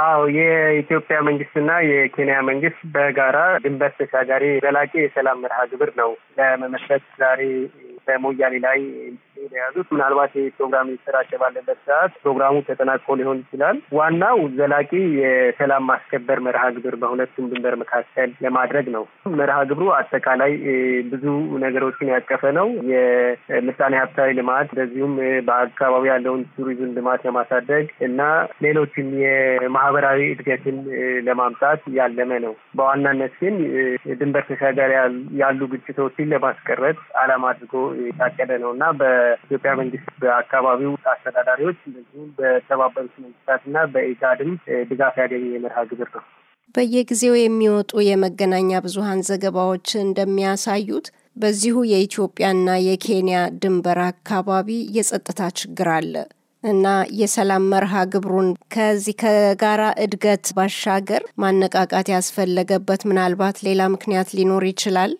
አዎ የኢትዮጵያ መንግስትና የኬንያ መንግስት በጋራ ድንበር ተሻጋሪ ዘላቂ የሰላም መርሃ ግብር ነው ለመመስረት ዛሬ በሞያሌ ላይ የያዙት። ምናልባት ይህ ፕሮግራም የተሰራጨ ባለበት ሰዓት ፕሮግራሙ ተጠናቆ ሊሆን ይችላል። ዋናው ዘላቂ የሰላም ማስከበር መርሃ ግብር በሁለቱም ድንበር መካከል ለማድረግ ነው። መርሃ ግብሩ አጠቃላይ ብዙ ነገሮችን ያቀፈ ነው። የምጣኔ ሀብታዊ ልማት እንደዚሁም በአካባቢ ያለውን ቱሪዝም ልማት ለማሳደግ እና ሌሎችም የማህበራዊ እድገትን ለማምጣት ያለመ ነው። በዋናነት ግን ድንበር ተሻጋሪ ያሉ ግጭቶችን ለማስቀረት ዓላማ አድርጎ የታቀደ ነው እና ኢትዮጵያ መንግስት በአካባቢው አስተዳዳሪዎች እንደዚሁም በተባበሩት መንግስታትና በኢጋድም ድጋፍ ያገኘ የመርሃ ግብር ነው። በየጊዜው የሚወጡ የመገናኛ ብዙሀን ዘገባዎች እንደሚያሳዩት በዚሁ የኢትዮጵያና የኬንያ ድንበር አካባቢ የጸጥታ ችግር አለ እና የሰላም መርሃ ግብሩን ከዚህ ከጋራ እድገት ባሻገር ማነቃቃት ያስፈለገበት ምናልባት ሌላ ምክንያት ሊኖር ይችላል።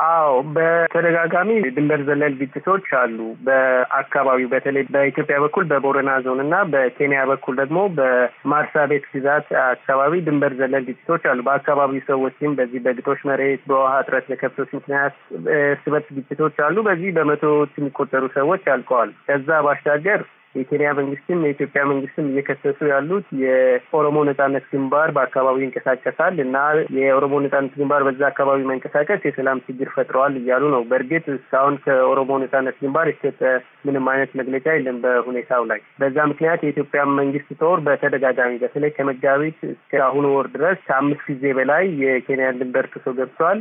አዎ በተደጋጋሚ ድንበር ዘለል ግጭቶች አሉ። በአካባቢው በተለይ በኢትዮጵያ በኩል በቦረና ዞን እና በኬንያ በኩል ደግሞ በማርሳ ቤት ግዛት አካባቢ ድንበር ዘለል ግጭቶች አሉ። በአካባቢው ሰዎችም በዚህ በግጦሽ መሬት፣ በውሃ እጥረት፣ በከብቶች ምክንያት እርስ በርስ ግጭቶች አሉ። በዚህ በመቶዎች የሚቆጠሩ ሰዎች አልቀዋል። ከዛ ባሻገር የኬንያ መንግስትም የኢትዮጵያ መንግስትም እየከሰሱ ያሉት የኦሮሞ ነጻነት ግንባር በአካባቢው ይንቀሳቀሳል እና የኦሮሞ ነጻነት ግንባር በዛ አካባቢ መንቀሳቀስ የሰላም ችግር ፈጥረዋል እያሉ ነው። በእርግጥ እስካሁን ከኦሮሞ ነጻነት ግንባር የተሰጠ ምንም አይነት መግለጫ የለም በሁኔታው ላይ። በዛ ምክንያት የኢትዮጵያ መንግስት ጦር በተደጋጋሚ በተለይ ከመጋቢት እስከ አሁኑ ወር ድረስ ከአምስት ጊዜ በላይ የኬንያን ድንበር ጥሶ ገብቷል።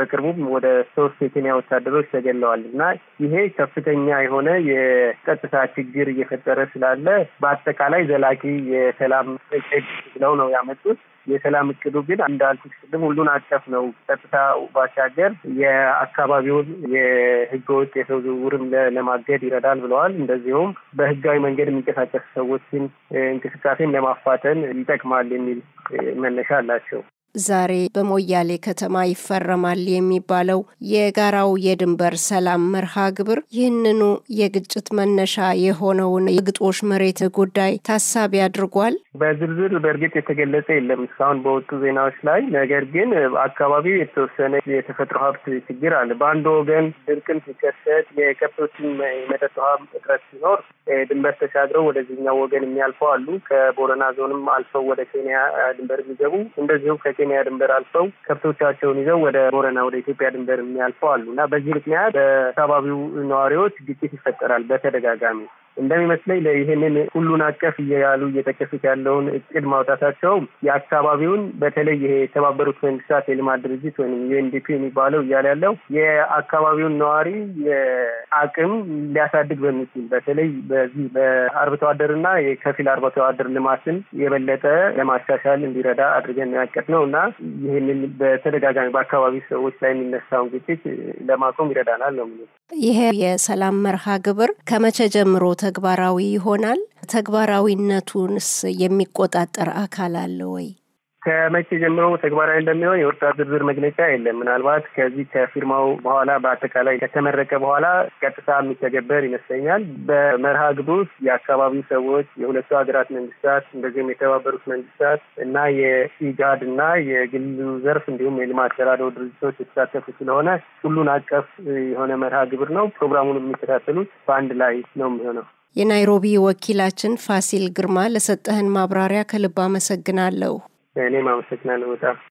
በቅርቡም ወደ ሶስት የኬንያ ወታደሮች ተገለዋል እና ይሄ ከፍተኛ የሆነ የጸጥታ ችግር እየፈጠረ ስላለ በአጠቃላይ ዘላቂ የሰላም እቅድ ብለው ነው ያመጡት። የሰላም እቅዱ ግን እንዳልኩት ቅድም ሁሉን አቀፍ ነው። ጸጥታ ባሻገር የአካባቢውን የህገወጥ የሰው ዝውውርም ለማገድ ይረዳል ብለዋል። እንደዚሁም በህጋዊ መንገድ የሚንቀሳቀስ ሰዎችን እንቅስቃሴን ለማፋጠን ይጠቅማል የሚል መነሻ አላቸው። ዛሬ በሞያሌ ከተማ ይፈረማል የሚባለው የጋራው የድንበር ሰላም መርሃ ግብር ይህንኑ የግጭት መነሻ የሆነውን የግጦሽ መሬት ጉዳይ ታሳቢ አድርጓል። በዝርዝር በእርግጥ የተገለጸ የለም እስካሁን በወጡ ዜናዎች ላይ። ነገር ግን አካባቢው የተወሰነ የተፈጥሮ ሀብት ችግር አለ። በአንድ ወገን ድርቅን ሲከሰት፣ የከብቶችን መጠጥ ውሃ እጥረት ሲኖር ድንበር ተሻግረው ወደዚህኛው ወገን የሚያልፈው አሉ። ከቦረና ዞንም አልፈው ወደ ኬንያ ድንበር የሚገቡ እንደዚሁም ከኬንያ ድንበር አልፈው ከብቶቻቸውን ይዘው ወደ ቦረና ወደ ኢትዮጵያ ድንበር የሚያልፈው አሉ እና በዚህ ምክንያት በአካባቢው ነዋሪዎች ግጭት ይፈጠራል በተደጋጋሚ እንደሚመስለኝ ይህንን ሁሉን አቀፍ እያሉ እየጠቀሱት ያለውን እቅድ ማውጣታቸው የአካባቢውን በተለይ ይሄ የተባበሩት መንግስታት የልማት ድርጅት ወይም ዩኤንዲፒ የሚባለው እያለ ያለው የአካባቢውን ነዋሪ የአቅም ሊያሳድግ በሚችል በተለይ በዚህ በአርብቶ አደርና የከፊል አርብቶ አደር ልማትን የበለጠ ለማሻሻል እንዲረዳ አድርገን ያቀት ነው እና ይህንን በተደጋጋሚ በአካባቢ ሰዎች ላይ የሚነሳውን ግጭት ለማቆም ይረዳናል ነው። ይሄ የሰላም መርሃ ግብር ከመቼ ጀምሮ ተግባራዊ ይሆናል? ተግባራዊነቱንስ የሚቆጣጠር አካል አለ ወይ? ከመቼ ጀምሮ ተግባራዊ እንደሚሆን የወጣት ዝርዝር መግለጫ የለም። ምናልባት ከዚህ ከፊርማው በኋላ በአጠቃላይ ከተመረቀ በኋላ ቀጥታ የሚተገበር ይመስለኛል። በመርሃ ግብሩ ውስጥ የአካባቢው ሰዎች፣ የሁለቱ ሀገራት መንግስታት፣ እንደዚሁም የተባበሩት መንግስታት እና የኢጋድ እና የግሉ ዘርፍ እንዲሁም የልማት ተራድኦ ድርጅቶች የተሳተፉ ስለሆነ ሁሉን አቀፍ የሆነ መርሃ ግብር ነው። ፕሮግራሙን የሚከታተሉት በአንድ ላይ ነው የሚሆነው። የናይሮቢ ወኪላችን ፋሲል ግርማ ለሰጠህን ማብራሪያ ከልብ አመሰግናለሁ። እኔም አመሰግናለሁ በጣም